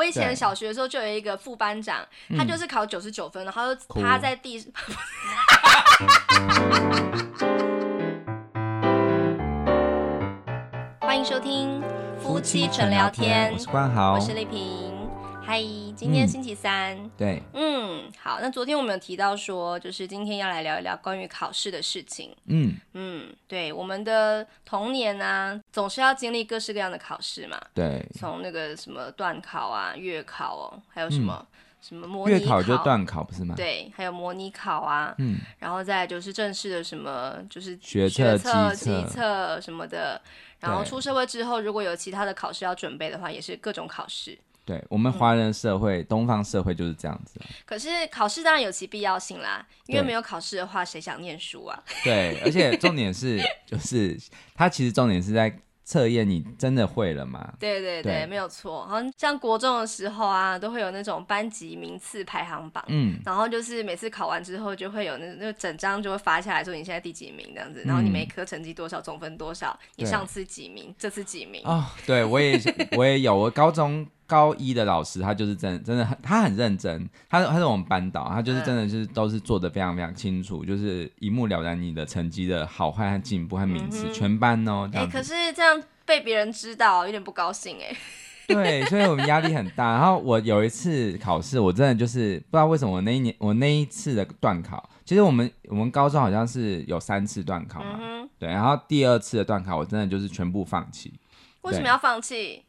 我以前小學的時候就有一個副班長，他就是考九十九分，嗯，然後就趴在地。 歡迎收聽夫妻純聊天，純聊天，我是關豪，我是麗萍。嗨，今天星期三，嗯，對，嗯，好。那昨天我們有提到說，就是今天要來聊一聊關於考試的事情。嗯嗯，對，我們的童年啊，總是要經歷各式各樣的考試嘛。對，從那個什麼段考啊、月考哦，還有什麼、嗯、什麼模擬考月考就段考不是嗎？對，還有模擬考啊，嗯，然後再就是正式的什麼就是學測、基測什麼的。然後出社會之後，如果有其他的考試要準備的話，也是各種考試。對我們華人社會、嗯、東方社會就是這樣子、啊。可是考試當然有其必要性啦，因為沒有考試的話，誰想念書啊？對， 對，而且重點是，就是他其實重點是在測驗你真的會了嗎？對，對對對，沒有錯。好像像國中的時候啊，都會有那種班級名次排行榜，嗯、然後就是每次考完之後，就會有那那整張就會發下來，說你現在第幾名這樣子，然後你每科成績多少，總、嗯、分多少，你上次幾名，這次幾名。哦，對我也我也有， 我高中。高一的老師，他就是真的真的，很，他很認真。他是，他是我們班導，他就是真的就是都是做得非常非常清楚，嗯、就是一目了然你的成績的好壞和進步和名次、嗯，全班哦。哎、欸，可是這樣被別人知道，有點不高興哎。對，所以我們壓力很大。然後我有一次考試，我真的就是不知道為什麼，我那一年我那一次的段考，其實我們我們高中好像是有三次段考嘛。嗯，對，然後第二次的段考，我真的就是全部放棄。為什麼要放棄？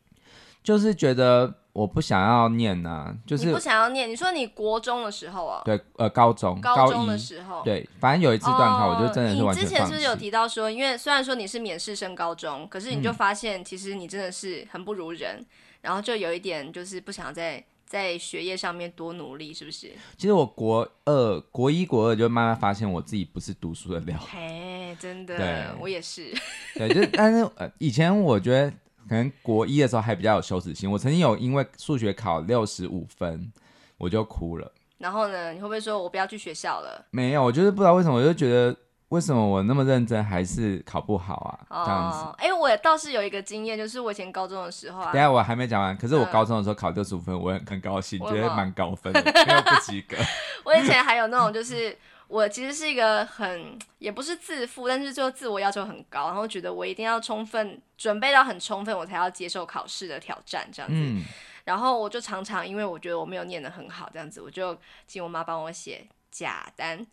就是覺得我不想要念吶、啊，就是不想要念。你說你國中的時候啊？對，呃，高中高中的時候，對，反正有一次段考，我就真的是完全放棄。哦，你之前是不是有提到說，因為雖然說你是免試升高中，可是你就發現其實你真的是很不如人，嗯，然後就有一點就是不想在在學業上面多努力，是不是？其實我國二、呃、國一國二就慢慢發現我自己不是讀書的料。哎，真的對，我也是。對，就但是呃，以前我覺得。可能國一的時候還比較有羞恥心，我曾經有因為數學考六十五分，我就哭了。然後呢，你會不會說我不要去學校了？沒有，我就是不知道為什麼，我就覺得為什麼我那麼認真還是考不好啊？哦、這樣子。哎、欸，我倒是有一個經驗，就是我以前高中的時候，啊。等下我還沒講完。可是我高中的時候考六十五分，嗯、我很很高興，覺得蠻高分的， 沒有不及格。 我以前還有那種就是。 我其實是一個很也不是自負，但是就自我要求很高，然後覺得我一定要充分準備到很充分，我才要接受考試的挑戰這樣子，嗯。然後我就常常因為我覺得我沒有念得很好，這樣子我就請我媽幫我寫假單，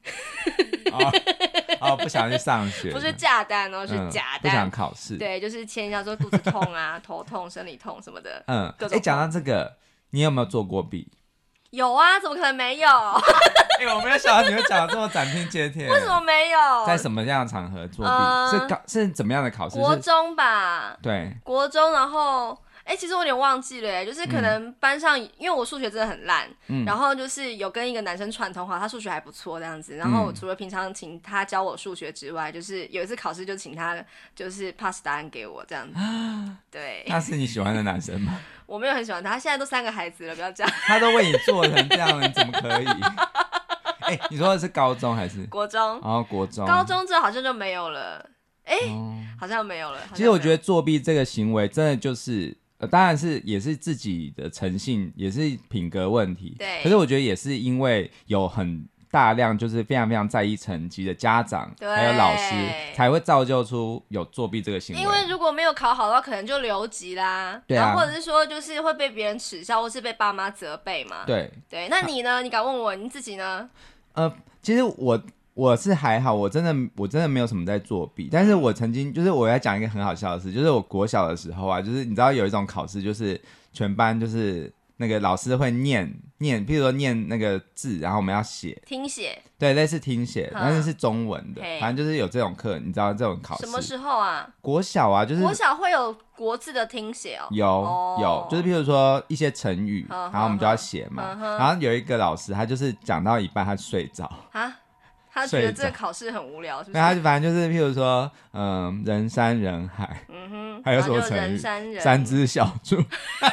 哦， 哦不想去上學，不是假單哦是假單，嗯、不想考試，對，就是簽下說肚子痛啊， 頭痛、生理痛什麼的，嗯，各種、哎講、欸、到這個，你有沒有做過弊？有啊，怎麼可能沒有？哎 欸，我沒有想到你們講的這麼斬釘截鐵。 為什麼沒有？在什麼樣的場合作弊，呃？是是怎樣的考試？國中吧。對。國中，然後。哎、欸，其實我有點忘記了，哎，就是可能班上，嗯、因為我數學真的很爛、嗯，然後就是有跟一個男生串通，哈，他數學還不錯，這樣子，然後我除了平常請他教我數學之外、嗯，就是有一次考試就請他就是 pass 答案給我這樣子，對。他是你喜歡的男生嗎？ 我沒有很喜歡他，他現在都三個孩子了，不要這樣。他都為你做成這樣， 你怎麼可以？哎、欸，你說的是高中還是國中？然、哦、後國中，高中之後好像就沒有了，哎、欸哦，好像沒有了。其實我覺得作弊這個行為真的就是。呃，當然是也是自己的誠信，也是品格問題。對，可是我覺得也是因為有很大量就是非常非常在意成績的家長，對，還有老師，才會造就出有作弊這個行為。因為如果沒有考好的話，可能就留級啦。對啊，然後或者是說就是會被別人恥笑，或是被爸媽責備嘛。對對，那你呢？你敢問我？你自己呢？呃，其實我。我是還好，我真的我真的沒有什麼在作弊。但是我曾經就是我要講一個很好笑的事，就是我國小的時候啊，就是你知道有一種考試，就是全班就是那個老師會念念，譬如說念那個字，然後我們要寫聽寫。對，類似聽寫，但是是中文的，反正就是有這種課，你知道這種考試。什麼時候啊？國小啊，就是國小會有國字的聽寫哦。有哦有，就是譬如說一些成語，呵呵呵然後我們就要寫嘛呵呵。然後有一個老師，他就是講到一半，他睡着。啊。他覺得這個考試很無聊，那他反正就是，譬如說，嗯、呃，人山人海，嗯哼，還有什麼成語？人山人三隻小豬。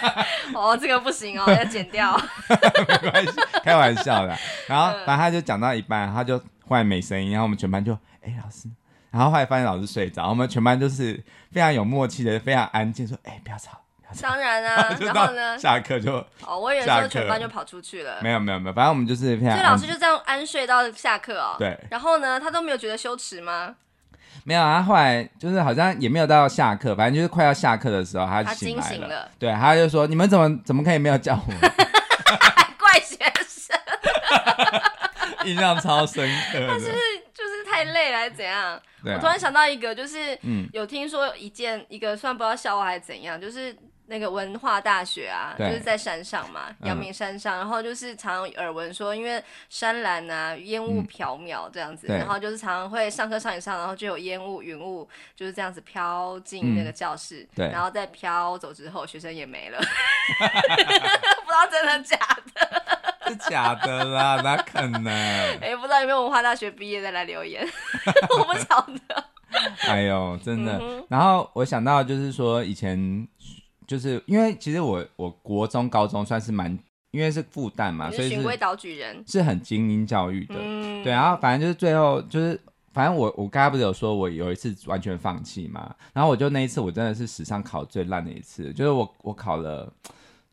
哦，這個不行哦， 要剪掉。 沒關係，開玩笑的。然後，反正他就講到一半， 他就忽然沒聲音，然後我們全班就，哎、 欸，老師，然後後來發現老師睡着，我們全班就是非常有默契的，非常安靜，說，哎、欸，不要吵。當然啊， 然後呢，下課就哦，我有時候全班就跑出去了。沒有沒有沒有，反正我們就是這老師就這樣安睡到下課哦。對，然後呢，他都沒有覺得羞恥嗎？沒有啊，他後來就是好像也沒有到下課，反正就是快要下課的時候，他就驚醒，醒了。對，他就說：“你們怎麼怎麼可以沒有叫我？” 怪學生 ， 印象超深刻。他是，是就是太累了還是怎樣對、啊？我突然想到一個，就是、嗯、有聽說一件一個，算不知道笑話還是怎樣，就是。那個文化大學啊，就是在山上嘛，陽、嗯、明山上，然後就是常，常耳聞說，因為山嵐啊，煙霧縹緲這樣子、嗯，然後就是常，常會上課上一上，然後就有煙霧雲霧就是這樣子飄進那個教室，嗯、然後再飄走之後，學生也沒了， 不知道真的假的， 是假的啦，哪可能？哎、欸，不知道有沒有文化大學畢業再來留言， 我不曉得。哎呦，真的，嗯、然後我想到就是說以前。就是因為其實我我國中、高中算是蠻，因為是復旦嘛，是，所以循規蹈矩人是很精英教育的、嗯，對。然後反正就是最後就是，反正我我剛才不是有說我有一次完全放棄嘛，然後我就那一次我真的是史上考最爛的一次，就是我我考了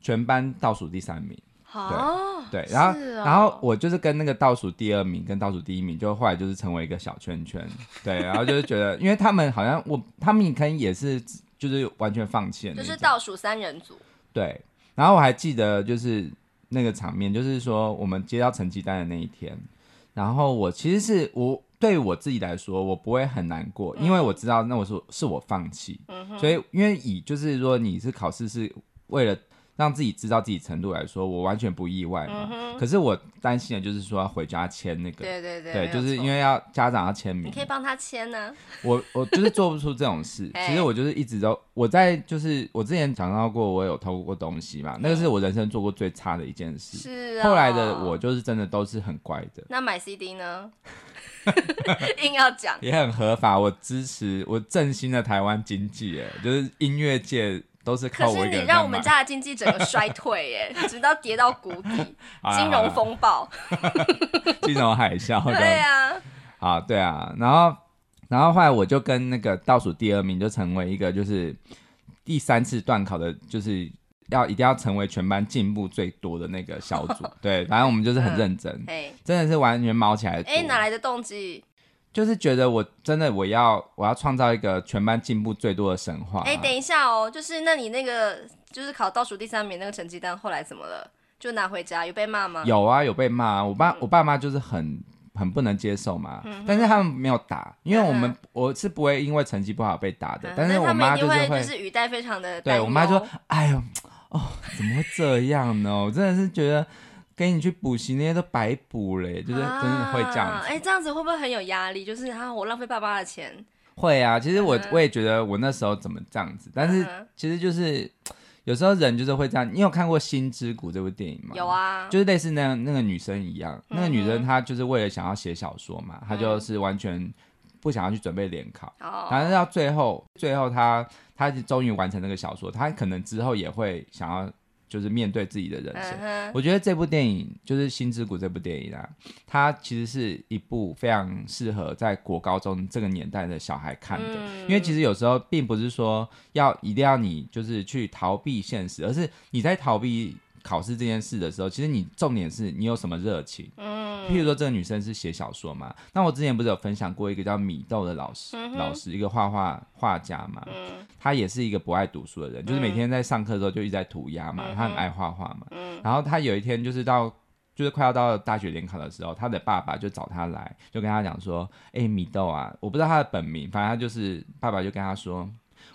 全班倒數第三名，啊、對對，然後、哦、然後我就是跟那個倒數第二名跟倒數第一名，就後來就是成為一個小圈圈，對，然後就是覺得 因為他們好像我他們也可以也是。就是完全放棄，就是倒數三人組。對，然後我還記得就是那個場面，就是說我們接到成績單的那一天，然後我其實是我對我自己來說，我不會很難過，嗯、因為我知道那我說是，是我放棄、嗯，所以因為以就是說你是考試是為了。讓自己知道自己程度來說，我完全不意外嘛。嗯、可是我擔心的就是說要回家簽那個，對對對，對，就是因為要家長要簽名。你可以幫他簽呢、啊。我我就是做不出這種事。 其實我就是一直都我在就是我之前講到過，我有偷過東西嘛，那個是我人生做過最差的一件事。是、啊。後來的我就是真的都是很乖的。那買 CD 呢？ 硬要講也很合法。我支持我振興了台灣經濟，誒，就是音樂界。都是人，可是你讓我們家的經濟整個衰退耶， 直到跌到谷底， 金融風暴， 金融海嘯， 對啊，啊對啊，然後然後後來我就跟那個倒數第二名就成為一個就是第三次段考的，就是要一定要成為全班進步最多的那個小組， 對，反正我們就是很認真，嗯、真的是完全卯起來，哎、欸，哪來的動機？就是覺得我真的我要我要創造一個全班進步最多的神話啊。哎、欸，等一下哦，就是那你那個就是考倒數第三名那個成績單後來怎麼了？就拿回家有被罵嗎？有啊，有被罵啊。我爸，嗯、我爸媽就是很很不能接受嘛，嗯，但是他們沒有打，因為我們，嗯、我是不會因為成績不好被打的。嗯、但是我媽就會、嗯、們會就是語帶非常的擔憂，對，我媽就說，哎呦哦，怎麼會這樣呢？ 我真的是覺得。跟你去補習那些都白補了，就是真的會這樣子。哎、啊、欸，這樣子會不會很有壓力？就是哈，我浪費爸爸的錢。會啊，其實我、嗯、我也覺得我那時候怎麼這樣子，但是其實就是有時候人就是會這樣。你有看過《心之谷》這部電影嗎？有啊，就是類似那樣。那個女生一樣，那個女生她就是為了想要寫小說嘛、嗯，她就是完全不想要去準備聯考，但、嗯、是到最後，最後她她終於完成那個小說，她可能之後也會想要。就是面對自己的人生，呵呵，我覺得這部電影就是《心之谷》這部電影啊，它其實是一部非常適合在國高中這個年代的小孩看的，嗯，因為其實有時候並不是說要一定要你就是去逃避現實，而是你在逃避考試這件事的時候，其實你重點是你有什麼熱情。嗯，譬如說這個女生是寫小說嘛？那我之前不是有分享過一個叫米豆的老師，老師一個畫畫畫家嘛，他也是一個不愛讀書的人，就是每天在上課的時候就一直在塗鴉嘛，他很愛畫畫嘛。然後他有一天就是到，就是快要到大學聯考的時候，他的爸爸就找他來，就跟他講說：“誒、欸，米豆啊，我不知道他的本名，反正他就是爸爸就跟他說，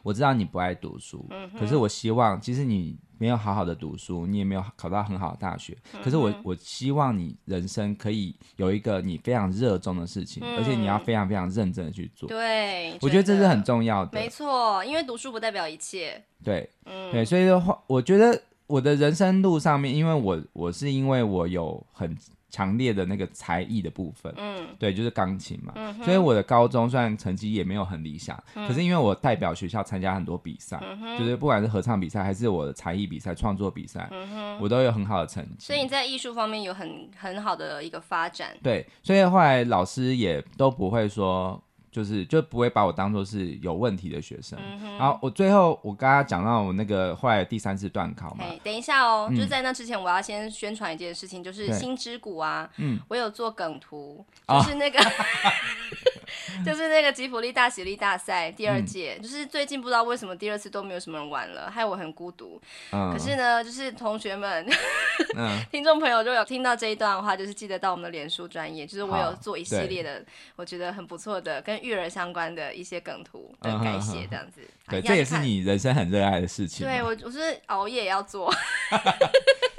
我知道你不愛讀書，可是我希望其實你。”沒有好好的讀書，你也沒有考到很好的大學。嗯、可是我我希望你人生可以有一個你非常熱衷的事情，嗯，而且你要非常非常認真的去做。對，我覺得這是很重要的。真的，沒錯，因為讀書不代表一切。對，嗯、對，所以的話，我覺得我的人生路上面，因為我我是因為我有很。強烈的那個才藝的部分，嗯，對，就是鋼琴嘛，嗯哼，所以我的高中雖然成績也沒有很理想，嗯，可是因為我代表學校參加很多比賽，嗯哼，就是不管是合唱比賽還是我的才藝比賽、創作比賽，嗯哼，我都有很好的成績，所以你在藝術方面有很很好的一個發展，對，所以後來老師也都不會說。就是就不會把我當做是有問題的學生，嗯、然後我最後我剛剛講到我那個後來的第三次段考嘛，等一下哦、嗯，就在那之前我要先宣傳一件事情，就是心之谷啊，我有做梗圖，嗯、就是那個、哦。 就是那個吉卜力大喜利大賽第二屆、嗯，就是最近不知道為什麼第二次都沒有什麼人玩了，害我很孤獨、嗯。可是呢，就是同學們、嗯、 聽眾朋友，如果有聽到這一段的話，就是記得到我們的臉書專頁，就是我有做一系列的，我覺得很不錯的跟育兒相關的一些梗圖的、嗯、改寫，這樣子、嗯嗯。對，這也是你人生很熱愛的事情。對我，我是熬夜要做。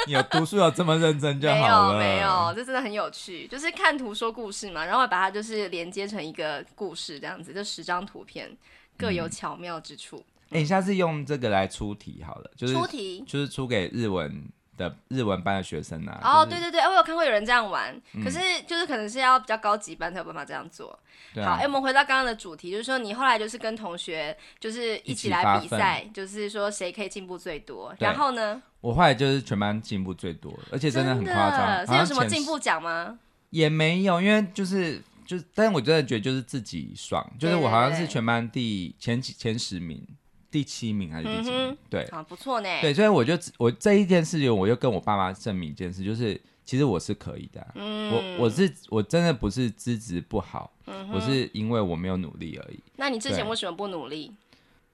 有讀書有這麼認真就好了， 沒有，沒有，這真的很有趣，就是看圖說故事嘛，然後把它就是連接成一個故事，這樣子，這十張圖片各有巧妙之處。哎、嗯，你、欸、下次用這個來出題好了，就是出題，就是出給日文。的日文班的學生呢、啊？哦、oh, 就是，對對對、呃，我有看過有人這樣玩、嗯，可是就是可能是要比較高級班才有辦法這樣做。好，哎、欸，我們回到剛剛的主題，就是說你後來就是跟同學就是一起來比賽，就是說誰可以進步最多。然後呢？我後來就是全班進步最多，而且真的很誇張。是有什麼進步獎嗎？也沒有，因為就是就，但是我真的覺得就是自己爽，就是我好像是全班第前幾前十名。第七名還是第七名？嗯、對、啊、不錯呢。對，所以我就我這一件事情，我就跟我爸媽證明一件事，就是其實我是可以的、啊。嗯，我我是我真的不是資質不好、嗯，我是因為我沒有努力而已。那你之前為什麼不努力？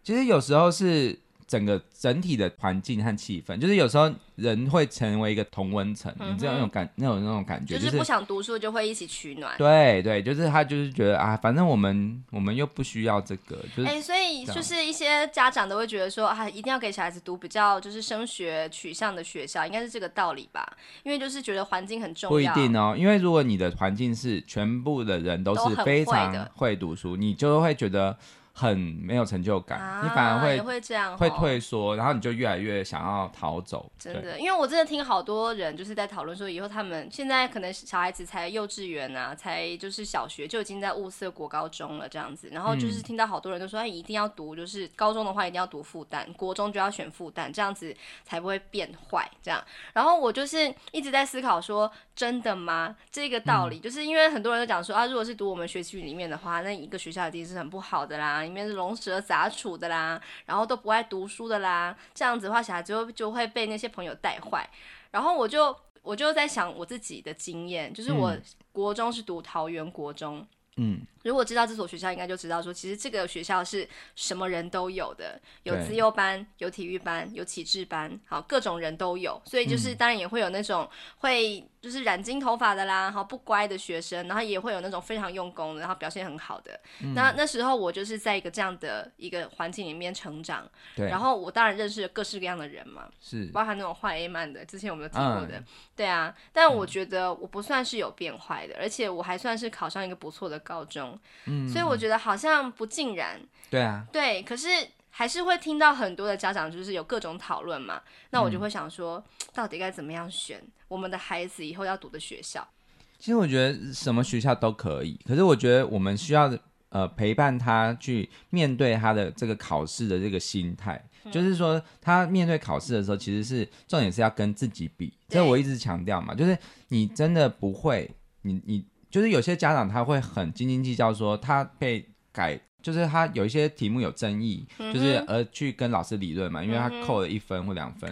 其實有時候是。整個整體的環境和氣氛，就是有時候人會成為一個同溫層，你知道那種感那種那種感覺，就是不想讀書就會一起取暖。就是、對對，就是他就是覺得啊，反正我們我們又不需要這個，就是哎、欸，所以就是一些家長都會覺得說，啊，一定要給小孩子讀比較就是升學取向的學校，應該是這個道理吧？因為就是覺得環境很重要。不一定哦，因為如果你的環境是全部的人都是非常會讀書，你就會覺得。很沒有成就感，啊、你反而會會這樣會退縮，然後你就越來越想要逃走。真的，因為我真的聽好多人就是在討論說，以後他們現在可能小孩子才幼稚園啊，才就是小學就已經在物色國高中了這樣子。然後就是聽到好多人都說、嗯哎，一定要讀，就是高中的話一定要讀復旦，國中就要選復旦，這樣子才不會變壞這樣。然後我就是一直在思考說，真的嗎？這個道理，嗯、就是因為很多人都講說啊，如果是讀我們學區裡面的話，那一個學校一定是很不好的啦。裡面是龍蛇雜處的啦，然後都不愛讀書的啦，這樣子的話，小孩就就會被那些朋友帶壞。然後我就我就在想我自己的經驗，就是我國中是讀桃園國中。嗯嗯，如果知道這所學校，應該就知道說，其實這個學校是什麼人都有的，有資優班，有體育班，有啟智班，好，各種人都有。所以就是當然也會有那種、嗯、會就是染金頭髮的啦，好不乖的學生，然後也會有那種非常用功的，然後表現很好的。嗯、那那時候我就是在一個這樣的一個環境裡面成長，然後我當然認識了各式各樣的人嘛，是，包含那種壞 A man 的，之前我們有提過的、啊，對啊。但我覺得我不算是有變壞的、嗯，而且我還算是考上一個不錯的高中，嗯，所以我覺得好像不盡然，對啊，對，可是還是會聽到很多的家長就是有各種討論嘛，那我就會想說，嗯，到底該怎麼樣選我們的孩子以後要讀的學校？其實我覺得什麼學校都可以，可是我覺得我們需要呃陪伴他去面對他的這個考試的這個心態，就是說他面對考試的時候，其實是重點是要跟自己比，這我一直強調嘛，就是你真的不會，你你。就是有些家長他會很斤斤計較，說他被改，就是他有一些題目有爭議，就是而去跟老師理論嘛，因為他扣了一分或兩分。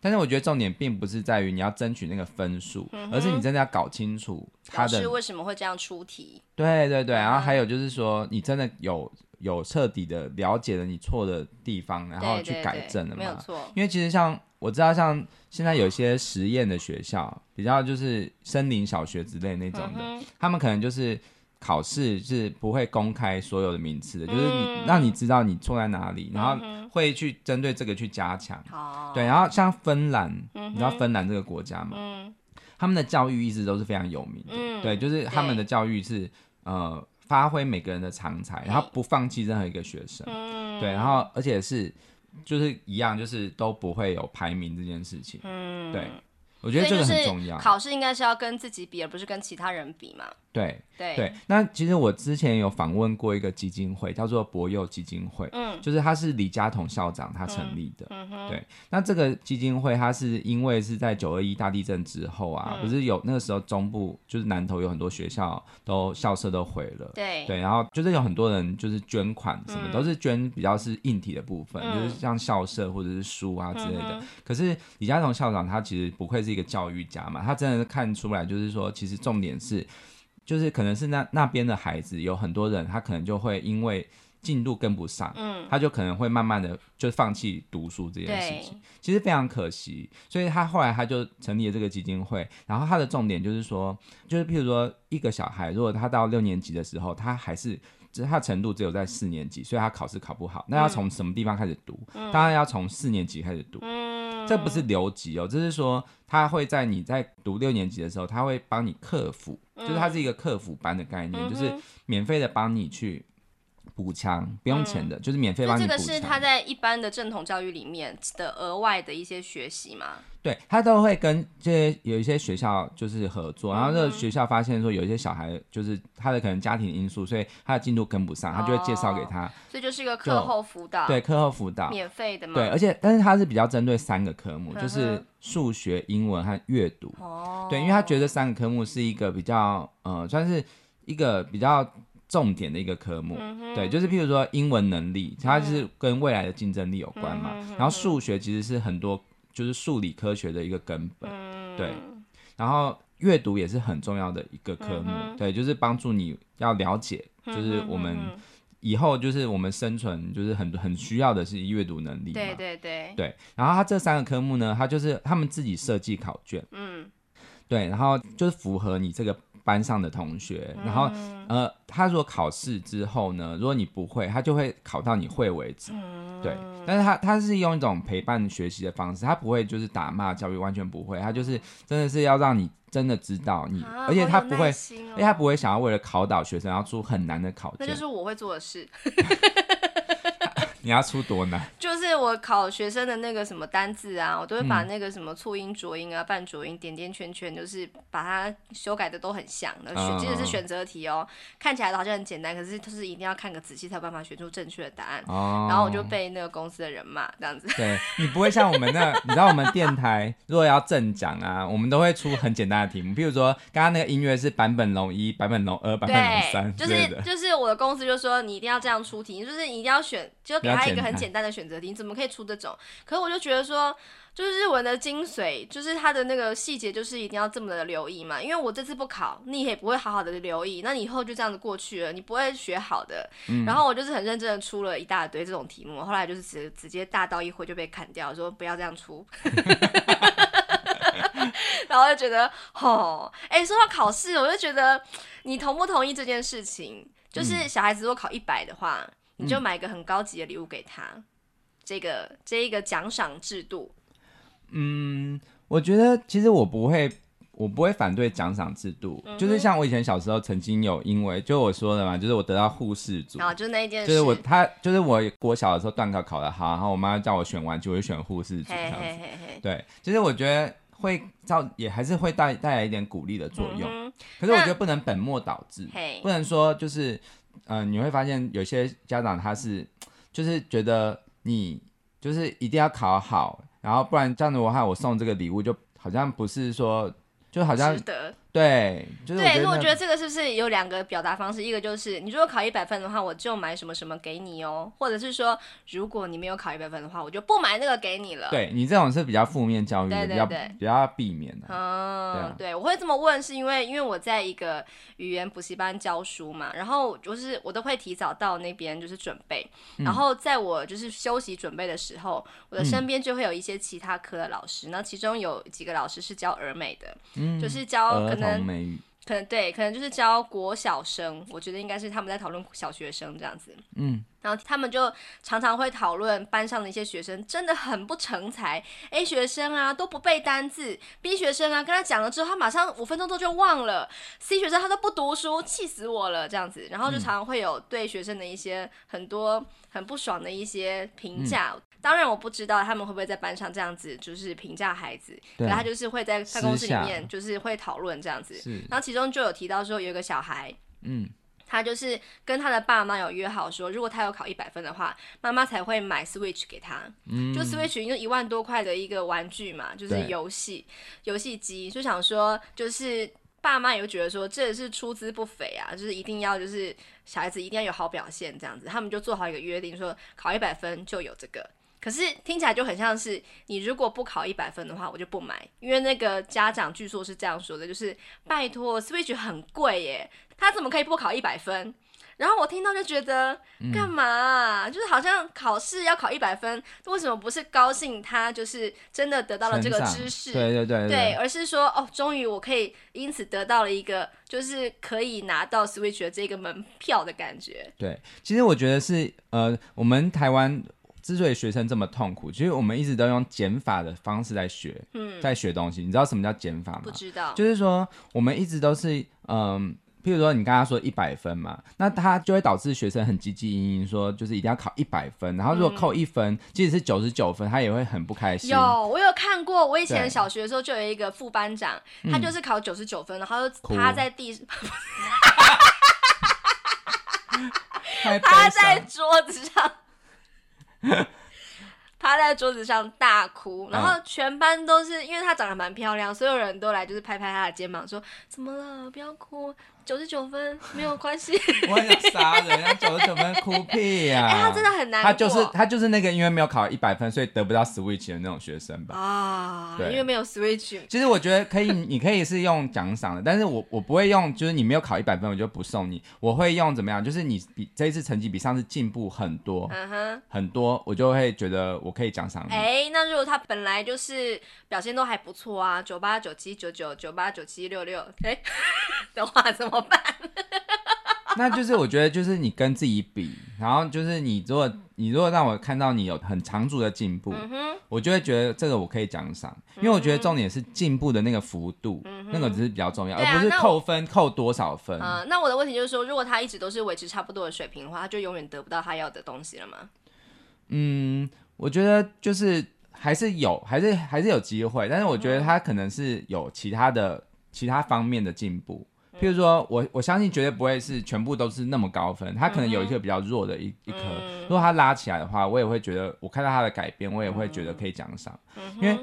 但是我覺得重點並不是在於你要爭取那個分數，而是你真的要搞清楚他的為什麼會這樣出題。對對對，然後還有就是說，你真的有有徹底的了解了你錯的地方，然後去改正的嘛。沒錯。因為其實像。我知道，像現在有些實驗的學校，比較就是森林小學之類那種的，嗯，他們可能就是考試是不會公開所有的名次的，就是你讓你知道你錯在哪裡，然後會去針對這個去加強，嗯。對，然後像芬蘭，嗯，你知道芬蘭這個國家嗎？嗯，他們的教育一直都是非常有名的，嗯，對，就是他們的教育是呃發揮每個人的長才，然後不放棄任何一個學生，嗯。對，然後而且是。就是一樣，就是都不會有排名這件事情。嗯，對，我覺得這個很重要。考試應該是要跟自己比，而不是跟其他人比嘛。對對，那其實我之前有訪問過一個基金會，叫做博幼基金會，嗯，就是它是李家同校長他成立的，嗯嗯、對，那這個基金會它是因為是在九二一大地震之後啊、嗯，不是有那個時候中部就是南投有很多學校都校舍都毀了，對、嗯、對，然後就是有很多人就是捐款什麼、嗯、都是捐比較是硬體的部分，嗯、就是像校舍或者是書啊之類的、嗯嗯，可是李家同校長他其實不愧是一個教育家嘛，他真的是看出來就是說其實重點是。就是可能是那那邊的孩子有很多人，他可能就會因為進度跟不上，嗯，他就可能會慢慢的就放棄讀書這件事情，其實非常可惜。所以他後來他就成立了這個基金會，然後他的重點就是說，就是譬如說一個小孩，如果他到六年級的時候，他還是只是他的程度只有在四年級，嗯，所以他考試考不好，那要從什麼地方開始讀？嗯，當然要從四年級開始讀，嗯，這不是留級哦，這，就是說他會在你在讀六年級的時候，他會幫你克服。就是它是一個客服班的概念，嗯，就是免費的幫你去。補強不用錢的，嗯、就是免費幫你補強。這個是他在一般的正統教育裡面的額外的一些學習嗎？對，他都會跟這些有一些學校就是合作，然後這個學校發現說有一些小孩就是他的可能家庭因素，所以他的進度跟不上，他就會介紹給他、哦。所以就是一個課後輔導。對，課後輔導，免費的嘛。對，而且但是他是比較針對三個科目，呵呵就是數學、英文和閱讀。哦，對，因為他覺得三個科目是一個比較，呃，算是一個比較。重點的一個科目，嗯，對，就是譬如說英文能力，它就是跟未來的競爭力有關嘛。嗯，然後數學其實是很多就是數理科學的一個根本，嗯，對。然後閱讀也是很重要的一個科目，嗯，對，就是幫助你要了解，就是我們以後就是我們生存就是很很需要的是閱讀能力嘛，對對對對。然後它這三個科目呢，它就是他們自己設計考卷，嗯，對，然後就是符合你這個。班上的同學，然後、嗯、呃，他如果考試之後呢，如果你不會，他就會考到你會為止，嗯、對。但是他他是用一種陪伴學習的方式，他不會就是打罵教育，完全不會，他就是真的是要讓你真的知道你，啊、而且他不會，因為、哦、他不會想要為了考倒學生，要出很難的考卷，那就是我會做的事。 你要出多難？就是我考學生的那個什麼單字啊，我都會把那個什麼促音、濁音啊、嗯、半濁音、點點、圈圈，就是把它修改的都很像的、哦。選即使、就是選擇題哦，看起來好像很簡單，可是就是一定要看個仔細才有辦法選出正確的答案、哦。然後我就被那個公司的人罵，這樣子。對，你不會像我們那， 你知道我們電台如果要正講啊，我們都會出很簡單的題目，比如說剛剛那個音樂是坂本龍一、坂本龍二、坂本龍三，就是就是我的公司就說你一定要這樣出題，就是你一定要選就。還有一個很簡單的選擇題，你怎麼可以出這種？可是我就覺得說，就是日文的精髓，就是它的那個細節，就是一定要這麼的留意嘛。因為我這次不考，你也不會好好的留意，那你以後就這樣子過去了，你不會學好的。然後我就是很認真的出了一大堆這種題目，嗯、後來就是直直接大刀一揮就被砍掉，說不要這樣出。 然後就覺得，哦，哎、欸，說到考試，我就覺得你同不同意這件事情？就是小孩子如果考一百的話。嗯你就買一個很高級的禮物給他，嗯、這個這一個獎賞制度，嗯，我覺得其實我不會，我不會反對獎賞制度，嗯、就是像我以前小時候曾經有，因為就我說的嘛，就是我得到護士組、啊就是、就是我他就是我我小的時候段考考得好，然後我媽叫我選玩具，我就會選護士組這樣子嘿嘿嘿，對，其實我覺得會造也還是會帶帶來一點鼓勵的作用，嗯、可是我覺得不能本末倒置，不能說就是。嗯、呃，你會發現有些家長他是，就是覺得你就是一定要考好，然後不然這樣的話，我送這個禮物就好像不是說，就好像值得。對、就是那個，對，那我覺得這個是不是有兩個表達方式？一個就是你如果考一百分的話，我就買什麼什麼給你哦；或者是說，如果你沒有考一百分的話，我就不買那個給你了。對，你這種是比較負面教育。對對對，比較比較避免的、啊。嗯、哦啊，對，我會這麼問是因為，因為我在一個語言補習班教書嘛，然後就是我都會提早到那邊就是準備、嗯，然後在我就是休息準備的時候，我的身邊就會有一些其他科的老師，那、嗯、其中有幾個老師是教兒美的、嗯，就是教。可能，可能對，可能就是教國小生，我覺得應該是他們在討論小學生這樣子，嗯，然後他們就常常會討論班上的一些學生真的很不成才，A 學生啊都不背單字，B 學生啊跟他講了之後，他馬上五分鐘之後就忘了，C 學生他都不讀書，氣死我了這樣子，然後就常常會有對學生的一些很多很不爽的一些評價。嗯當然我不知道他們會不會在班上這樣子，就是評價孩子？對。可他就是會在辦公室裡面，就是會討論這樣子。然後其中就有提到說，有一個小孩，嗯，他就是跟他的爸媽有約好，說如果他有考一百分的話，媽媽才會買 Switch 給他。嗯、就 Switch 就一萬多塊的一個玩具嘛，就是遊戲遊戲機，就想說就是爸媽也覺得說這也是出資不菲啊，就是一定要就是小孩子一定要有好表現這樣子，他們就做好一個約定，說考一百分就有這個。可是聽起來就很像是你如果不考一百分的話，我就不買。因為那個家長據說是這樣說的，就是拜托，Switch 很貴耶，他怎麼可以不考一百分？然後我聽到就覺得，幹嘛？嗯、就是好像考試要考一百分，為什麼不是高興他就是真的得到了這個知識？對對對，對，對，而是說哦，終於我可以因此得到了一個就是可以拿到 Switch 的這個門票的感覺。對，其實我覺得是呃，我們台灣。之所以學生這麼痛苦，其實我們一直都用減法的方式在學、嗯，在學東西。你知道什麼叫減法嗎？不知道。就是說，我們一直都是，嗯、呃，譬如說，你剛剛說一百分嘛，那他就會導致學生很汲汲營營，說就是一定要考一百分。然後如果扣一分、嗯，即使是九十九分，他也會很不開心。有，我有看過，我以前小學的時候就有一個副班長，嗯、他就是考九十九分，然後就趴在地，趴 在桌子上。 趴在桌子上大哭，然後全班都是因為她長得蠻漂亮，所有人都來就是拍拍她的肩膀，說：“怎麼了？不要哭。”九十九分沒有關係， 我很想殺人，九十九分哭屁呀、啊，欸！他真的很難，他就是他就是那個因為沒有考一百分，所以得不到 switch 的那種學生吧？啊，對，因為沒有 switch。其實我覺得可以，你可以是用獎賞的， 但是我我不會用，就是你沒有考一百分，我就不送你。我會用怎麼樣？就是你比這一次成績比上次進步很多，嗯哼，很多，我就會覺得我可以獎賞你，哎，那如果他本來就是表現都還不錯啊，九八九七九九九八九七六六，哎 的話怎麼？ 那，就是我覺得，就是你跟自己比，然後就是你如果，你如果讓我看到你有很長足的進步，mm -hmm. 我就會覺得這個我可以獎賞，因為我覺得重點是進步的那個幅度，mm -hmm. 那個只是比較重要，而不是扣分，mm -hmm. 扣多少分。啊那、呃，那我的問題就是說，如果他一直都是維持差不多的水平的話，他就永遠得不到他要的東西了嗎？嗯，我覺得就是還是有，還是還是有機會，但是我覺得他可能是有其他的、mm -hmm. 其他方面的進步。譬如說，我我相信絕對不會是全部都是那麼高分，他可能有一個比較弱的一、嗯、一科，如果他拉起來的話，我也會覺得，我看到他的改變，我也會覺得可以獎賞、嗯，因為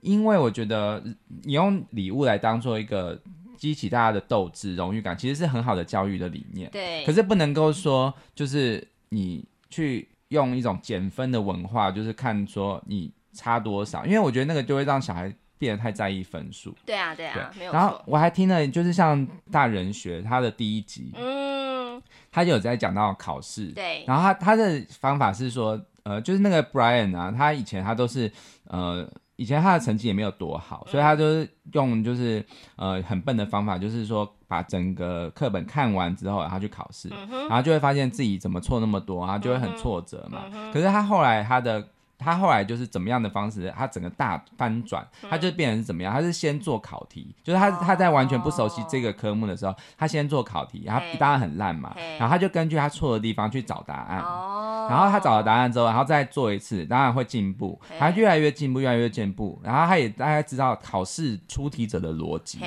因為我覺得你用禮物來當做一個激起大家的鬥志、榮譽感，其實是很好的教育的理念。對。可是不能夠說，就是你去用一種減分的文化，就是看說你差多少，因為我覺得那個就會讓小孩。變得太在意分數，對啊對啊，對，沒有錯，然後我還聽了，就是像大人學他的第一集，嗯，他就有在講到考試，對。然後他他的方法是說，呃，就是那個 Brian 啊，他以前他都是，呃，以前他的成績也沒有多好，所以他就是用就是呃很笨的方法，就是說把整個課本看完之後，然後去考試、嗯，然後就會發現自己怎麼錯那麼多，然後就會很挫折嘛、嗯。可是他後來他的。他後來就是怎麼樣的方式，他整個大翻轉、嗯，他就變成是怎麼樣？他是先做考題，嗯、就是他、哦、他在完全不熟悉這個科目的時候，他先做考題，然後當然很爛嘛，然後他就根據他錯的地方去找答案、哦，然後他找了答案之後，然後再做一次，當然會進步，他越來越進步，越來越進步，然後他也大概知道考試出題者的邏輯，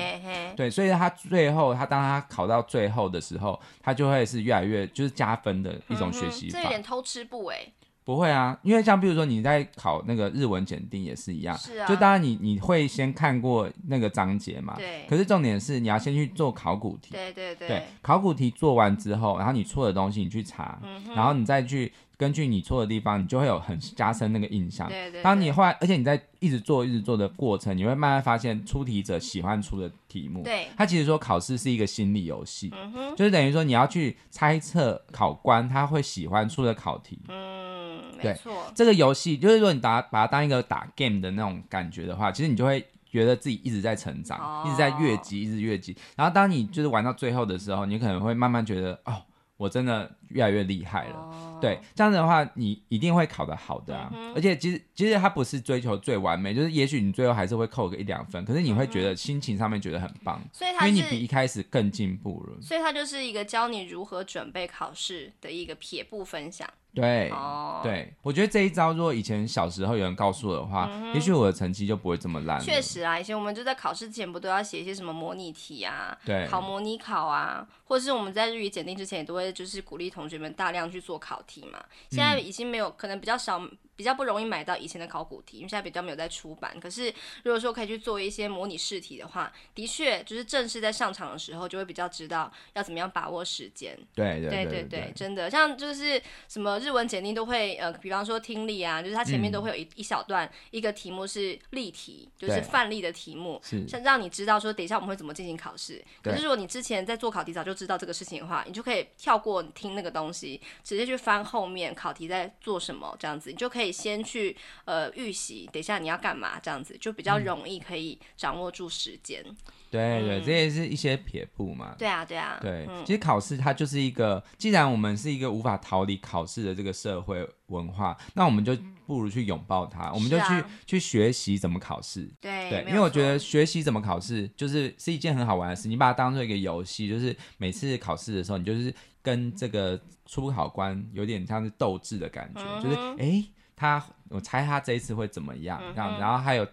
對，所以他最後他當他考到最後的時候，他就會是越來越就是加分的一種學習法、嗯嗯，這有點偷吃步哎、欸。不會啊，因為像比如說你在考那個日文檢定也是一樣，是啊、就當然你你會先看過那個章節嘛，對。可是重點是你要先去做考古題，對對對。對考古題做完之後，然後你錯的東西你去查、嗯，然後你再去根據你錯的地方，你就會有很加深那個印象。對對、對。當你後來，而且你在一直做一直做的過程，你會慢慢發現出題者喜歡出的題目。對。他其實說考試是一個心理遊戲、嗯，就是等於說你要去猜測考官他會喜歡出的考題。嗯。嗯，對，這個遊戲就是如果你打把它當一個打 game 的那種感覺的話，其實你就會覺得自己一直在成長，一直在越級，一直越級。然後當你就是玩到最後的時候，你可能會慢慢覺得，哦，我真的。越來越厲害了。哦，對，這樣子的話，你一定會考得好的，啊嗯。而且其實其實他不是追求最完美，就是也許你最後還是會扣個一兩分，可是你會覺得心情上面覺得很棒，所、嗯、以，因為你比一開始更進步了。所以它就是一個教你如何準備考試的一個撇步分享。對，哦，對，我覺得這一招，如果以前小時候有人告訴我的話，嗯、也許我的成績就不會這麼爛。確實啊，以前我們就在考試前不都要寫一些什麼模擬題啊，對。考模擬考啊，或者是我們在日語檢定之前也都會就是鼓勵同。同學們大量去做考題嘛，現在已經沒有，嗯、可能比較少。比較不容易買到以前的考古題，因為現在比較沒有在出版。可是如果說可以去做一些模擬試題的話，的確就是正式在上場的時候，就會比較知道要怎麼樣把握時間。對對對對，對，對，對，對，真的像就是什麼日文檢定都會呃，比方說聽力啊，就是它前面都會有一一小段、嗯、一個題目是例題，就是範例的題目，像讓你知道說等一下我們會怎麼進行考試。可是如果你之前在做考題早就知道這個事情的話，你就可以跳過聽那個東西，直接去翻後面考題在做什麼這樣子，你就可以。可以先去呃預習，等一下你要幹嘛？這樣子就比較容易可以掌握住時間，嗯。對對，這也是一些撇步嘛。對啊對啊。對、嗯，其實考試它就是一個，既然我們是一個無法逃離考試的這個社會文化，那我們就不如去擁抱它，我們就去、啊、去學習怎麼考試。對對，因為我覺得學習怎麼考試就是是一件很好玩的事，你把它當成一個遊戲，就是每次考試的時候，你就是跟這個初考官有點像是鬥智的感覺，嗯、就是哎。誒他，我猜他這一次會怎麼樣，樣、嗯？然後還有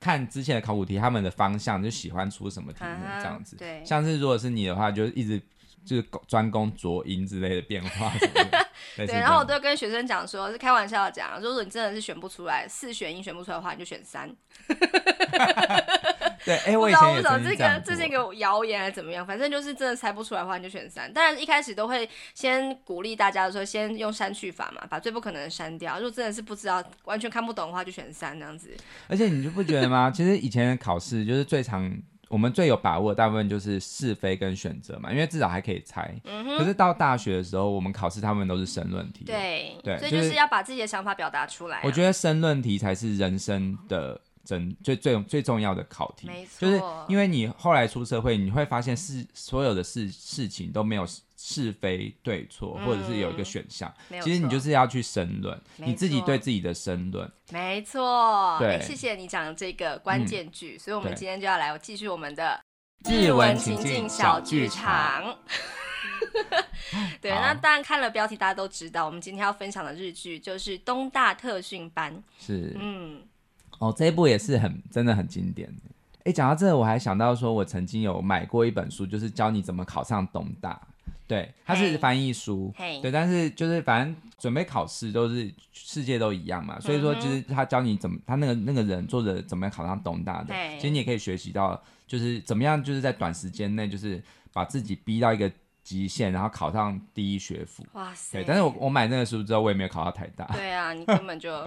看之前的考古題，他們的方向就喜歡出什麼題目這樣子。啊、對，像是如果是你的話，就一直就是專攻濁音之類的變化是是。 對，然後我都有跟學生講說，是開玩笑講，如果你真的是選不出來四選一選不出來的話，你就選三。 對，哎，欸，我也不知道為什麼這個，這是一個謠言還是怎麼樣，反正就是真的猜不出來的話，你就選三。當然一開始都會先鼓勵大家說，先用刪去法嘛，把最不可能刪掉。如果真的是不知道，完全看不懂的話，就選三這樣子。而且你就不覺得嗎？ 其實以前考試就是最常我們最有把握，大部分就是是非跟選擇嘛，因為至少還可以猜，嗯。可是到大學的時候，我們考試他們都是申論題。對，對，就是，所以就是要把自己的想法表達出來，啊。我覺得申論題才是人生的。真最最最重要的考題，沒錯，就是因為你後來出社會，你會發現是所有的事事情都沒有是非對錯、嗯，或者是有一個選項。其實你就是要去申論，你自己對自己的申論。沒錯、欸，謝謝你講的這個關鍵句、嗯，所以我們今天就要來繼續我們的日文情境小劇場。場 對，那當然看了標題大家都知道，我們今天要分享的日劇就是《東大特訓班》。是，嗯。哦，這一部也是很，真的很經典。誒、欸，講到這，我還想到說，我曾經有買過一本書，就是教你怎麼考上東大。對，它是翻譯書。Hey. Hey. 對，但是就是反正準備考試都是世界都一樣嘛，所以說就是他教你怎麼，他那個那個人作者怎麼樣考上東大的，其、hey. 實你也可以學習到，就是怎麼樣就是在短時間內就是把自己逼到一個。極限，然後考上第一學府。哇塞！對，但是我我買那個書之後，我也沒有考到台大。對啊，你根本就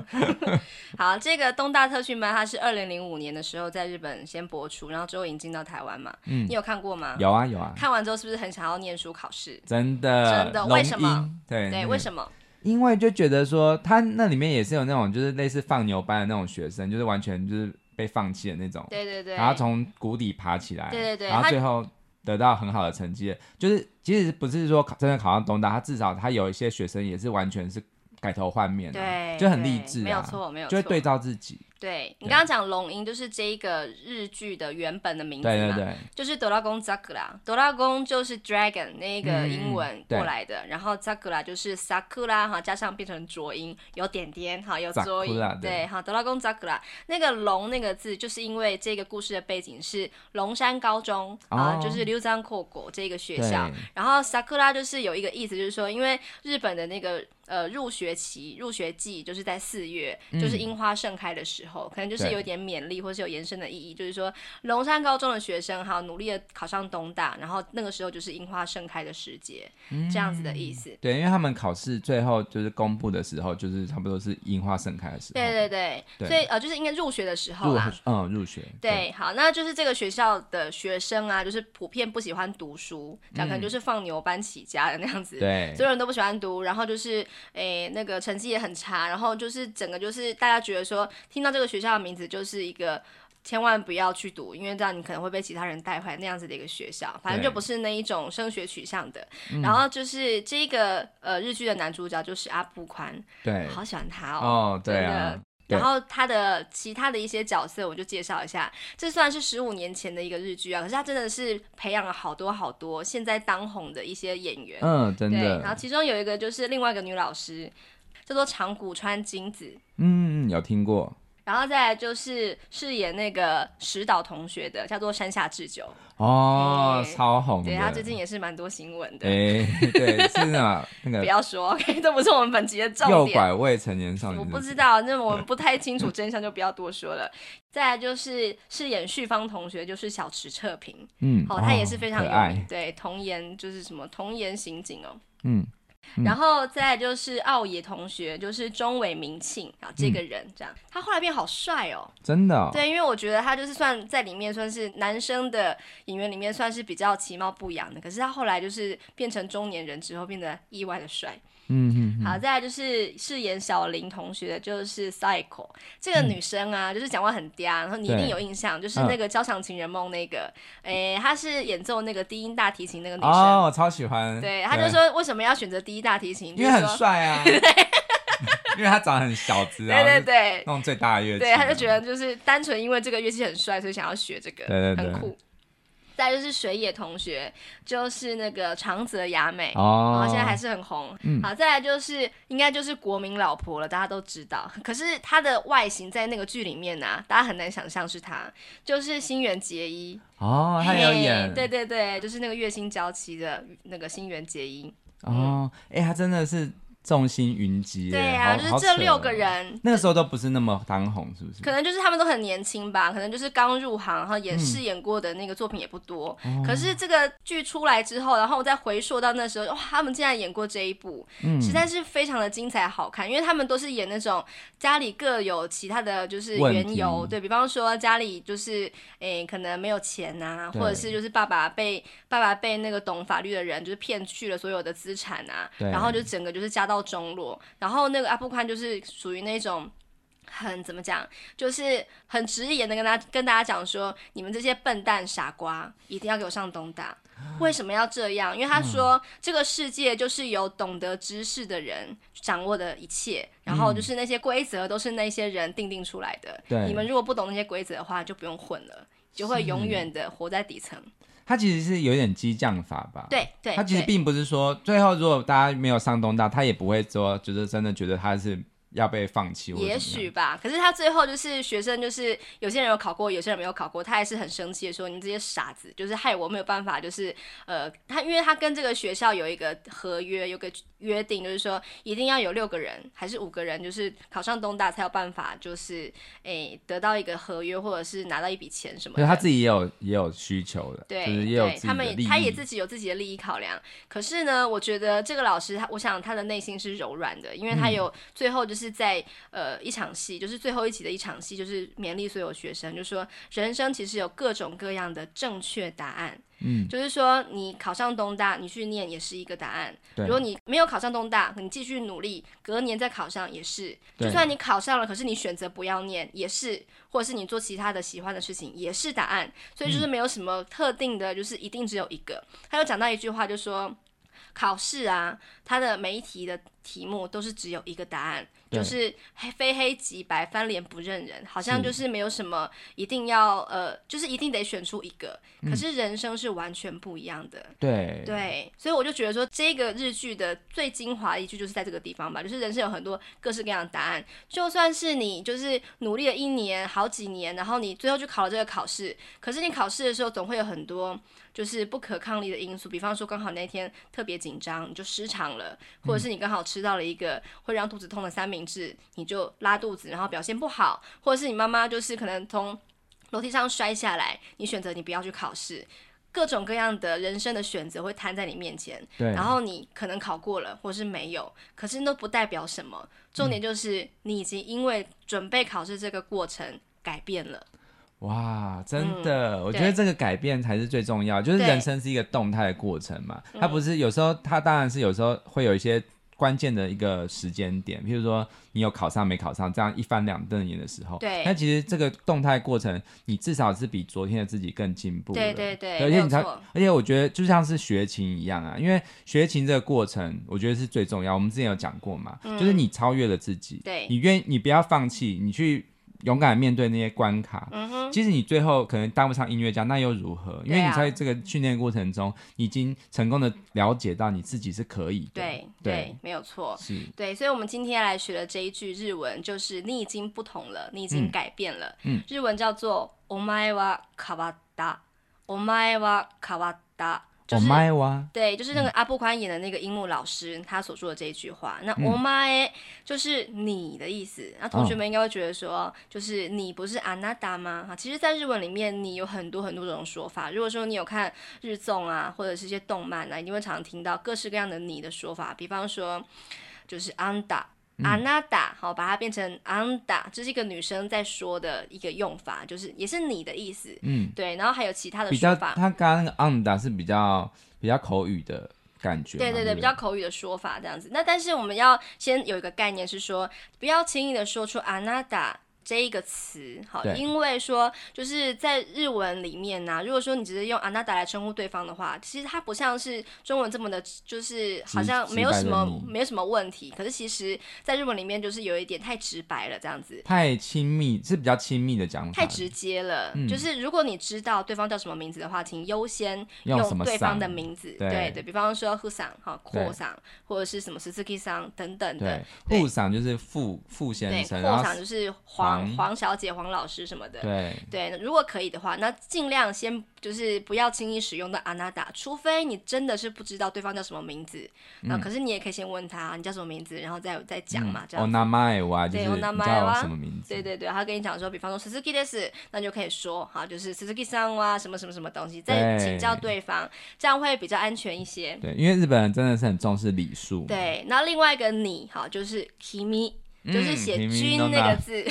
好。這個東大特訓班，它是二零零五年的時候在日本先播出，然後之後引進到台灣嘛。嗯。你有看過嗎？有啊，有啊。看完之後是不是很想要念書考試？真的，真的，為什麼？為什麼？對、那個、對，為什麼？因為就覺得說，他那裡面也是有那種，就是類似放牛班的那種學生，就是完全就是被放棄的那種。對對對。然後從谷底爬起來。對對對。然後最後。得到很好的成績，就是其實不是說考真的考上東大，他至少他有一些學生也是完全是改頭換面的，啊，就很勵志啊，沒有錯，沒有錯，就會對照自己。對，你剛剛講龍櫻，就是這一個日劇的原本的名字嘛，就是哆拉公扎克拉。哆拉公就是 dragon 那個英文過來的，嗯、然後扎克拉就是 sakura 哈，加上變成濁音，有點點哈，有濁音，對哈，哆拉公扎克拉那個龍那個字，就是因為這個故事的背景是龍山高中，哦，啊，就是劉藏口口這個學校，然後 sakura 就是有一個意思，就是說因為日本的那個。呃，入學期、入學季就是在四月，就是櫻花盛開的時候、嗯，可能就是有點勉勵，或是有延伸的意義，就是說龍山高中的學生哈，努力的考上東大，然後那個時候就是櫻花盛開的時節、嗯，這樣子的意思。對，因為他們考試最後就是公布的時候，就是差不多是櫻花盛開的時候。對對對，對所以呃，就是應該入學的時候啊嗯，入學對。對，好，那就是這個學校的學生啊，就是普遍不喜歡讀書，可、嗯、能就是放牛班起家的那樣子對，所有人都不喜歡讀，然後就是。誒，那個成績也很差，然後就是整個就是大家覺得說，聽到這個學校的名字就是一個千萬不要去讀，因為這樣你可能會被其他人帶壞那樣子的一個學校，反正就不是那一種升學取向的。然後就是這個呃日劇的男主角就是阿部寬，對，好喜歡他哦，哦對啊。對然後他的其他的一些角色，我就介紹一下。這算是十五年前的一個日劇啊，可是他真的是培養了好多好多現在當紅的一些演員。嗯、哦，真的對。然後其中有一個就是另外一個女老師，叫做長谷川京子。嗯嗯，有聽過。然後再來就是飾演那個石島同學的，叫做山下智久哦、嗯，超紅，對，他最近也是蠻多新聞的。哎對，真的，不要說，OK，不是我們本集的重點。誘拐未成年少女， 我不知道，那我們不太清楚真相，就不要多說了。 再來就是飾演旭方同學，就是小池徹平，嗯，好、oh，他也是非常有名愛，對，童顏就是什麼童顏刑警哦，嗯。嗯、然後再來就是奧野同學，就是中尾明慶，然後這個人這樣，嗯、他後來變好帥哦，真的、哦。對，因為我覺得他就是算在裡面算是男生的演員裡面算是比較其貌不揚的，可是他後來就是變成中年人之後變得意外的帥。嗯哼哼好，再來就是飾演小林同學的就是 Saeko 這個女生啊，嗯、就是講話很嗲，然後你一定有印象，就是那個《交響情人夢》那個，誒、嗯，她、欸、是演奏那個低音大提琴那個女生，哦，我超喜歡。對，她就說為什麼要選擇低音大提琴？就是、因為很帥啊， 因為他長得很小資啊，對對對，弄最大的樂器，對，他就覺得就是單純因為這個樂器很帥，所以想要學這個，對對對很酷。再就是水野同學，就是那個長澤雅美，哦。現在還是很紅。嗯、好，再來就是應該就是國民老婆了，大家都知道。可是她的外形在那個劇裡面呢、啊，大家很難想象是她，就是新垣結衣哦，她有演，hey, 對對對，就是那個月薪嬌妻的那個新垣結衣哦，哎、嗯，她、欸、真的是。眾星雲集，對呀、啊哦，就是這六個人，那個時候都不是那麼當紅，是不是？可能就是他們都很年輕吧，可能就是剛入行，然後演、嗯、飾演過的那個作品也不多。哦、可是這個劇出來之後，然後我再回溯到那時候，哇，他們竟然演過這一部、嗯，實在是非常的精彩好看。因為他們都是演那種家裡各有其他的就是緣由，對，比方說家裡就是誒、欸、可能沒有錢啊，或者是就是爸爸被爸爸被那個懂法律的人就是騙去了所有的資產啊，然後就整個就是家道中落，然後那個阿布寬就是屬於那種很怎麼講，就是很直言的跟他跟大家講說，你們這些笨蛋傻瓜一定要給我上東大，為什麼要這樣？因為他說、嗯、這個世界就是有懂得知識的人掌握的一切，然後就是那些規則都是那些人定定出來的。嗯、你們如果不懂那些規則的話，就不用混了，就會永遠的活在底層。他其實是有點激將法吧。對，對，他其實並不是說最後如果大家沒有上東大，他也不會說，就是真的覺得他是。要被放棄，也許吧。可是他最後就是學生，就是有些人有考過，有些人沒有考過。他還是很生氣的說：“你這些傻子，就是害我沒有辦法。”就是呃，他因為他跟這個學校有一個合約，有個約定，就是說一定要有六個人還是五個人，就是考上東大才有辦法，就是誒、欸、得到一個合約或者是拿到一筆錢什麼的。可是他自己也有也有需求的，對，就是、也有對，他們也他也自己有自己的利益考量。可是呢，我覺得這個老師他，我想他的內心是柔軟的，因為他有最後就是、嗯。是在呃，一場戲，就是最後一集的一場戲，就是勉勵所有學生，就是說人生其實有各種各樣的正確答案。嗯、就是說你考上東大，你去念也是一個答案。如果你沒有考上東大，你繼續努力，隔年再考上也是。就算你考上了，可是你選擇不要念也是，或者是你做其他的喜歡的事情也是答案。所以就是沒有什麼特定的，就是一定只有一個。他、嗯、又講到一句話就是說，就說考試啊，他的每一題的題目都是只有一個答案。就是黑，非黑即白，翻臉不認人，好像就是沒有什麼一定要呃，就是一定得選出一個。可是人生是完全不一樣的，嗯、對對，所以我就覺得說，這個日劇的最精華一句就是在這個地方吧，就是人生有很多各式各樣的答案。就算是你就是努力了一年、好幾年，然後你最後就考了這個考試，可是你考試的時候總會有很多。就是不可抗力的因素，比方說剛好那天特別緊張，你就失常了；或者是你剛好吃到了一個會讓肚子痛的三明治、嗯，你就拉肚子，然後表現不好；或者是你媽媽就是可能從樓梯上摔下來，你選擇你不要去考試。各種各樣的人生的選擇會攤在你面前，然後你可能考過了，或者是沒有，可是都不代表什麼。重點就是你已經因為準備考試這個過程改變了。嗯哇，真的，嗯，我覺得這個改變才是最重要，就是人生是一個動態的過程嘛，它不是有時候，它當然是有時候會有一些關鍵的一個時間點，譬如說你有考上沒考上，這樣一翻兩瞪眼的時候。對。那其實這個動態過程，你至少是比昨天的自己更進步了。對對對，對。而且你才，而且我覺得就像是學琴一樣啊，因為學琴這個過程，我覺得是最重要。我們之前有講過嘛，嗯，就是你超越了自己，對，你願意，你不要放棄，你去。勇敢面對那些關卡、嗯，其實你最後可能當不上音樂家，那又如何？因為你在這個訓練過程中、啊，已經成功的了解到你自己是可以。對對，對，沒有錯。是。對，所以我們今天來學的這一句日文，就是你已經不同了，你已經改變了。嗯嗯、日文叫做“お前は変わった。お前は変わった。我、就是、m 對，就是那個阿部寬演的那個櫻木老師、嗯，他所說的這一句話，那お前就是你的意思。嗯、那同學們應該會覺得說，就是你不是あなた嗎？哈、oh.，其實，在日文裡面，你有很多很多種說法。如果說你有看日綜啊，或者是一些動漫啊，一定會常常聽到各式各樣的你的說法。比方說，就是あんた。 anata 好，哦，把它變成 anta，就是一個女生在說的一個用法，就是也是你的意思，嗯，對。然後還有其他的比較說法，她剛剛那個 anta 是比較比較口語的感覺，嗯，對對對，比較口語的說法這樣子。 那但是我們要先有一個概念是說，不要輕易的說出 anata。這一個詞，好，因為說就是在日文裡面呢、啊，如果說你只是用あなた來稱呼對方的話，其實它不像是中文這麼的，就是好像沒有什麼沒有什麼問題。可是其實，在日文裡面就是有一點太直白了，這樣子。太親密是比較親密的講法。太直接了、嗯，就是如果你知道對方叫什麼名字的話，請優先用對方的名字。對對，對，比方說戶桑哈擴桑或者是什麼石崎桑等等的。戶桑就是傅傅先生，闊桑就是黃。嗯、黃小姐、黃老師什麼的，對對，如果可以的話，那儘量先就是不要輕易使用到あなた，除非你真的是不知道對方叫什麼名字。那、嗯啊、可是你也可以先問他，你叫什麼名字，然後再再講嘛、嗯，這樣子。哦、お名前は、就是，對，お名前は。對對對，他跟你講說，比方說スズキです，那就可以說好、啊，就是スズキさんは什麼什麼什麼東西，再請教對方，這樣會比較安全一些。對，因為日本人真的是很重視禮數。對，那另外一個你好、啊，就是きみ。嗯、就是寫“君”那個字，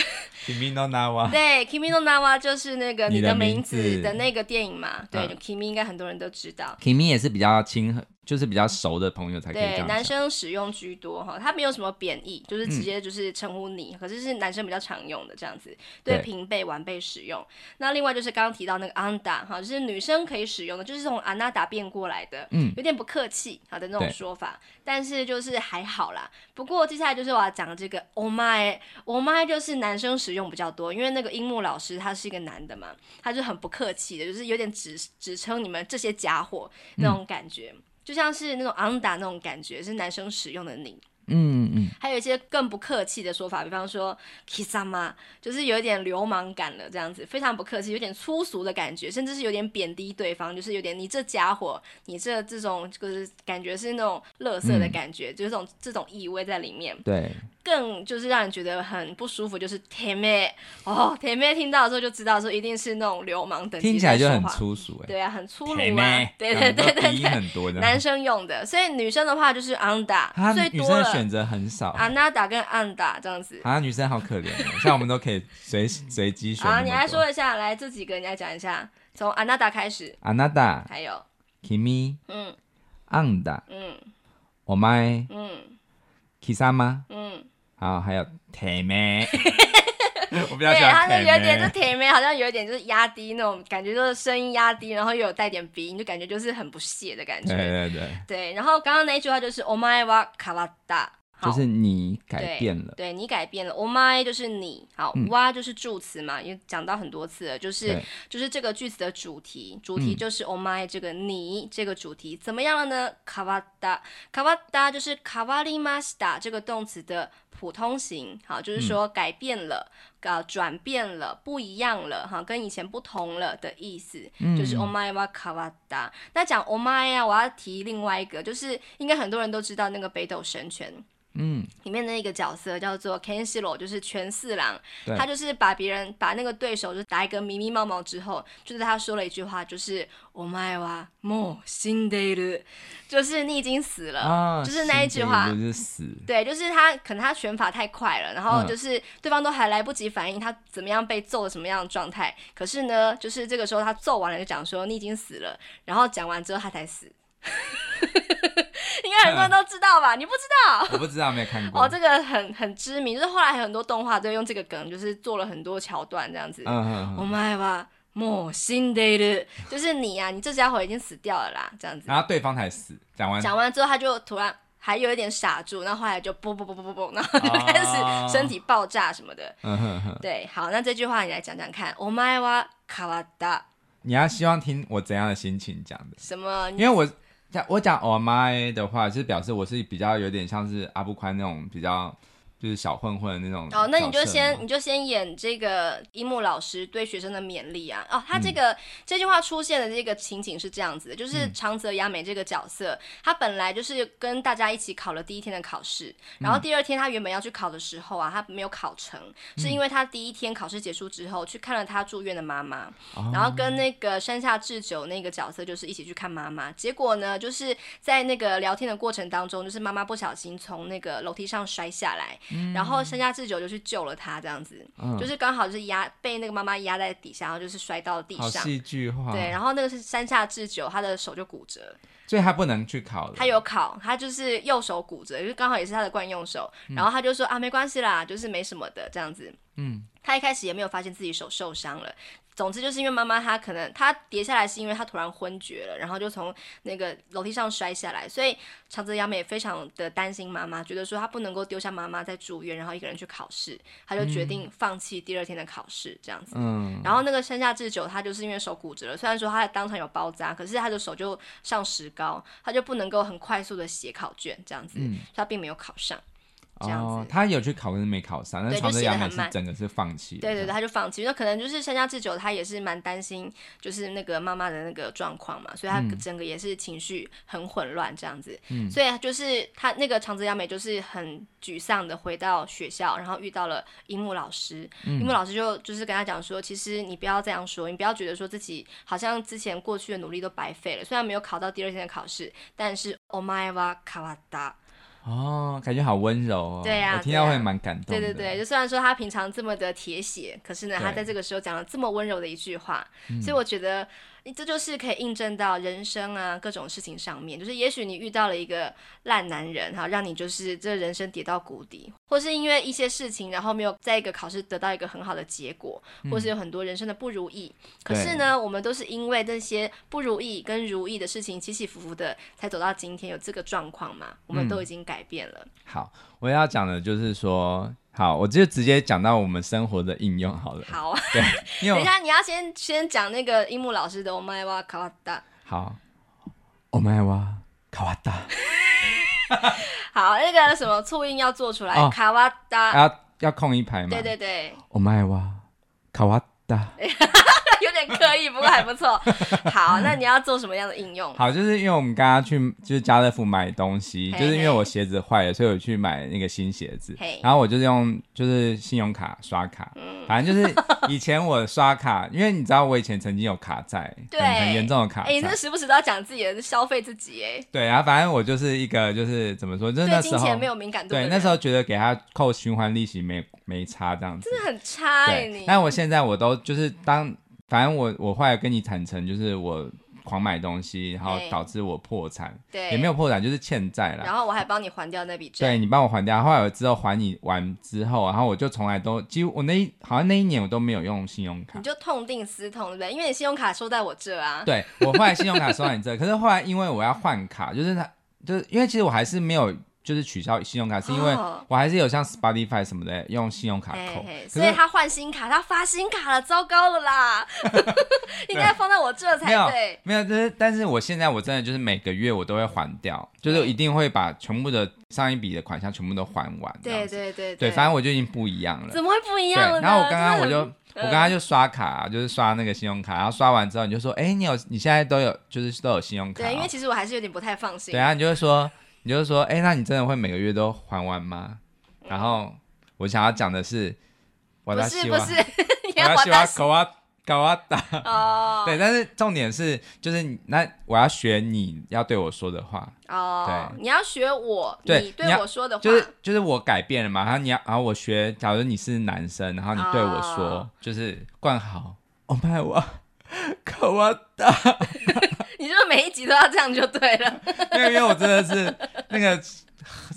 君の名は。 對，君の名は就是那個你的名字的那個電影嘛，對，君應該很多人都知道，君、嗯、也是比較親和。就是比較熟的朋友才可以對，男生使用居多哈，他沒有什麼貶義，就是直接就是稱呼你，嗯，可是是男生比較常用的這樣子，對平輩晚輩使用。那另外就是剛剛提到那個あんた，哈，就是女生可以使用的，就是從あなた變過來的，嗯，有點不客氣好的，那種說法，但是就是還好啦。不過接下來就是我要講的這個おまえ，おまえ，就是男生使用比較多，因為那個櫻木老師他是一個男的嘛，他就很不客氣的，就是有點直直稱你們這些傢伙那種感覺。嗯就像是那種昂達那種感覺，是男生使用的你。嗯嗯，還有一些更不客氣的說法，比方說貴様，就是有一點流氓感了，這樣子非常不客氣，有點粗俗的感覺，甚至是有點貶低對方，就是有點你這家伙，你這這種就是感覺是那種垃圾的感覺，嗯、就是這種這種意味在裡面。對，更就是讓人覺得很不舒服，就是てめぇ哦てめぇ聽到的時候就知道說一定是那種流氓等級的聽起來就很粗俗、欸。對啊，很粗魯，對對,對對對對對，男生用的，所以女生的話就是あんた最多了。選擇很少，安納達跟安達這樣子啊，女生好可憐哦， 像我們都可以隨隨機選好，你來說一下，來，這幾個你來講一下，從安納達開始，安納達，還有 Kimi，嗯，安達，嗯，Omae，嗯，Kisama，嗯，好，還有 Teme。 我不要對，他那有點就甜美，好像有點就是壓低那種感覺，就是聲音壓低，然後又有帶點鼻音，就感覺就是很不屑的感覺。對對對。對，然後剛剛那一句話就是“お前は変わった”，就是你改變了，對，對你改變了。お前就是你，好，は、嗯、就是助詞嘛，也講到很多次了，就是就是這個句子的主題，主題就是“お前”這個你這個主題怎麼樣了呢？変わった変わった就是“変わりました”這個動詞的普通形。好，就是說改變了。嗯啊，轉變了，不一樣了，哈，跟以前不同了的意思，嗯、就是お前は変わった。那講お前啊，我要提另外一個，就是應該很多人都知道那個北斗神拳。嗯，裡面那一個角色叫做 Kenshiro，就是拳四郎對，他就是把別人把那個對手就打一個迷迷茫茫之後，就是他說了一句話，就是「お前はもう死んでいる！」就是你已經死了，啊、就是那一句話，就是對，就是他可能他拳法太快了，然後就是對方都還來不及反應，他怎麼樣被揍，什麼樣的狀態，嗯。可是呢，就是這個時候他揍完了就講說你已經死了，然後講完之後他才死。 應該很多人都知道吧、嗯？你不知道？我不知道，沒有看過。哦，這個很很知名，就是後來很多動畫都用這個梗，就是做了很多橋段這樣子。嗯嗯。お前はもう死んでいる，就是你呀、啊，你這家伙已經死掉了啦，這樣子。然、啊、後對方才死，講完講完之後，他就突然還有一點傻住，然後後來就嘣嘣嘣嘣嘣嘣，然後就開始身體爆炸什麼的。嗯哼哼。對，好，那這句話你來講講看。お前は変わった。你要希望聽我怎樣的心情講的？什麼？因為我。在我講お前的話，就是表示我是比較有點像是阿部寬那種比較。就是小混混的那種哦，那你就先你就先演這個櫻木老師對學生的勉勵啊哦，他這個、嗯、這句話出現的這個情景是這樣子的，就是長澤雅美這個角色、嗯，他本來就是跟大家一起考了第一天的考試，然後第二天他原本要去考的時候啊，他沒有考成，嗯、是因為他第一天考試結束之後去看了他住院的媽媽、嗯，然後跟那個山下智久那個角色就是一起去看媽媽，結果呢就是在那個聊天的過程當中，就是媽媽不小心從那個樓梯上摔下來。嗯、然後山下智久就去救了他，這樣子、嗯，就是剛好就是壓被那個媽媽壓在底下，然後就是摔到了地上，好戲劇化。對，然後那個是山下智久，他的手就骨折，所以他不能去考了。他有考，他就是右手骨折，就是、剛好也是他的慣用手，嗯、然後他就說啊，沒關係啦，就是沒什麼的這樣子。嗯，他一開始也沒有發現自己手受傷了。總之就是因為媽媽她可能她跌下來是因為她突然昏厥了，然後就從那個樓梯上摔下來，所以長澤雅美也非常的擔心媽媽，覺得說她不能夠丟下媽媽在住院，然後一個人去考試，她就決定放棄第二天的考試，嗯，這樣子。然後那個山下智久她就是因為手骨折了，雖然說她當場有包紮，可是她的手就上石膏，她就不能夠很快速的寫考卷這樣子，嗯，她並沒有考上。這樣子哦，他有去考，但是沒考上。對，但長澤雅美是也很慢。整個是放棄。對對對，他就放棄。那可能就是相加之久，他也是蠻擔心，就是那個媽媽的那個狀況嘛，所以他整個也是情緒很混亂這樣子、嗯。所以就是他那個長澤雅美就是很沮喪的回到學校，然後遇到了櫻木老師。櫻、嗯、木老師就就是跟他講說，其實你不要這樣說，你不要覺得說自己好像之前過去的努力都白費了。雖然沒有考到第二天的考試，但是お前は変わった哦，感覺好溫柔哦，對呀、啊，我聽到會蠻感動。對對對，就雖然說他平常這麼的鐵血，可是呢，他在這個時候講了這麼溫柔的一句話，嗯、所以我覺得。這就是可以印證到人生啊，各種事情上面，就是也許你遇到了一個爛男人哈，讓你就是這人生跌到谷底，或是因為一些事情，然後沒有在一個考試得到一個很好的結果，或是有很多人生的不如意。嗯、可是呢，我們都是因為那些不如意跟如意的事情起起伏伏的，才走到今天有這個狀況嘛。我們都已經改變了。嗯、好，我要講的就是說。好，我就直接講到我們生活的應用好了。好，啊，對，等一下你要先先講那個櫻木老師的「お前は変わった。」好，お前は変わった。好，那個什麼促音要做出來変わった。啊，要空一排嗎？對對對，お前は変わった。 有點刻意，不過還不錯。好，那你要做什麼樣的應用？好，就是因為我們剛剛去就是家樂福買東西，就是因為我鞋子壞了，所以我去買那個新鞋子。嘿，然後我就是用就是信用卡刷卡、嗯，反正就是以前我刷卡， 因為你知道我以前曾經有卡債，很嚴重的卡債。哎、欸，你這時不時都要講自己的消費自己哎。對，啊，反正我就是一個就是怎麼說，就是那時候金錢沒有敏感度。對，那時候覺得給他扣循環利息沒沒差這樣子。真的很差哎、欸、你。但我現在我都。就是當，反正我我後來跟你坦誠，就是我狂買東西，然後導致我破產。對，也沒有破產，就是欠債了。然後我還幫你還掉那筆債。對，你幫我還掉。後來我之後還你完之後，然後我就從來都幾乎我那一好像那一年我都沒有用信用卡，你就痛定思痛，對不對？因為你信用卡收在我這啊。對，我後來信用卡收在你這，可是，後來因為我要換卡，就是他就是因為其實我還是沒有。就是取消信用卡、哦，是因為我還是有像 Spotify 什麼的、欸、用信用卡扣，嘿嘿所以他換新卡，他發新卡了，糟糕了啦！ 應該放在我這才對。呃、沒有，但、就是但是我現在我真的就是每個月我都會還掉，就是一定會把全部的上一筆的款項全部都還完。對對對對，對，對，反正我就已經不一樣了。怎麼會不一樣了呢？然後我剛剛我就我剛剛就刷卡、啊呃，就是刷那個信用卡，然後刷完之後你就說，哎、欸，你有你現在都有就是都有信用卡、哦？對，因為其實我還是有點不太放心。對啊，你就會說。 你就是說，哎、欸，那你真的會每個月都還完嗎？嗯、然後我想要講的是，我是不是，我要喜歡搞啊搞啊，對，但是重點是，就是那我要學你要對我說的話哦。對，你要學我，對你對我說的話，就是就是我改變了嘛。然後你要，然後我學，假如你是男生，然後你對我說，哦、就是冠豪，Oh my God。可哇大，你是不是每一集都要這樣就對了？因 為因為我真的是那個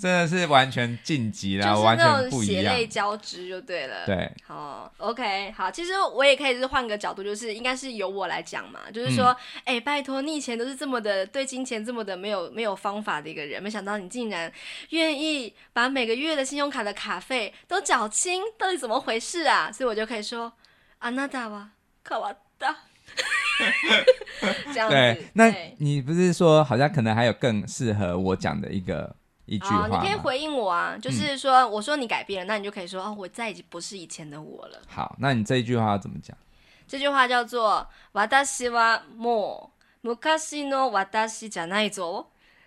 真的是完全晉級啦，就是那種血淚交織就對了。對，好，OK，好，其實我也可以就是換個角度，就是應該是由我來講嘛，就是說，嗯欸，拜托，你以前都是這麼的對金錢這麼的沒有沒有方法的一個人，沒想到你竟然願意把每個月的信用卡的卡費都繳清，到底怎麼回事啊？所以我就可以說，啊，娜大哇，可哇大。 這樣子對，那你不是說好像可能還有更適合我講的一個一句話嗎？哦？你可以回應我啊，就是說，我說你改變了，嗯、那你就可以說哦，我再也不是以前的我了。好，那你這一句話要怎麼講？這句話叫做“私はもう昔の私じゃないぞ”。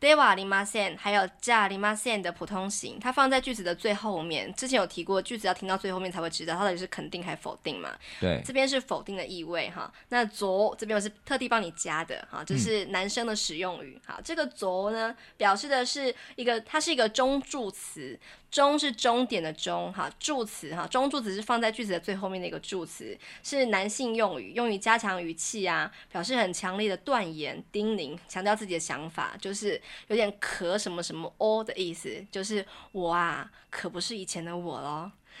deva limasan，還有加 limasan 的普通形，它放在句子的最後面。之前有提過，句子要聽到最後面才會知道到底是肯定還否定嘛。對，這邊是否定的意味哈。那昨這邊我是特地幫你加的哈，這，就是男生的使用語哈、嗯。這個昨呢，表示的是一個，它是一個中助詞。終是終點的終，哈，助詞，哈，終助詞是放在句子的最後面的一個助詞，是男性用語，用於加強語氣啊，表示很強烈的斷言、叮嚀，強調自己的想法，就是有點可什麼什麼哦的意思，就是我啊，可不是以前的我咯。啊、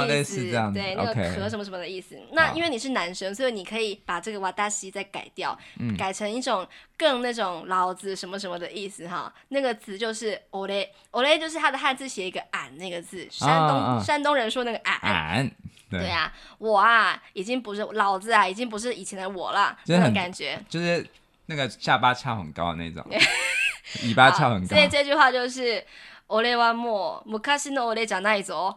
哦那個，類似這樣，對，那個殼什麼什麼的意思。Okay, 那因為你是男生，所以你可以把這個瓦達西再改掉、嗯，改成一種更那種老子什麼什麼的意思哈。那個詞就是俺，俺，就是他的漢字寫一個俺那個字，山東、哦、山東人說那個俺。對啊，我啊已經不是老子啊，已經不是以前的我了，那種、個、感覺，就是那個下巴翹很高的那種，對， 尾巴翹很高。所以這句話就是俺はもう、昔の俺じゃないぞ。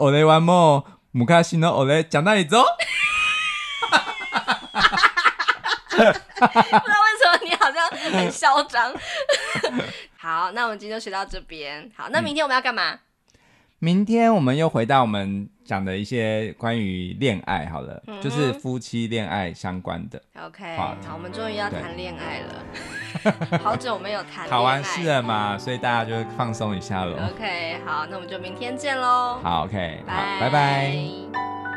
俺はもう、昔の俺じゃないぞ！不知道為什麼你好像很囂張。好，那我們今天就學到這邊。好，那明天我們要幹嘛，嗯？明天我們又回到我們。講的一些關於戀愛，好了、嗯，就是夫妻戀愛相關的。OK，好，好，我們終於要談戀愛了， 好久沒有談。考完試了嘛，所以大家就放鬆一下咯。OK，好，那我們就明天見嘍。好，OK，拜拜。好，bye bye。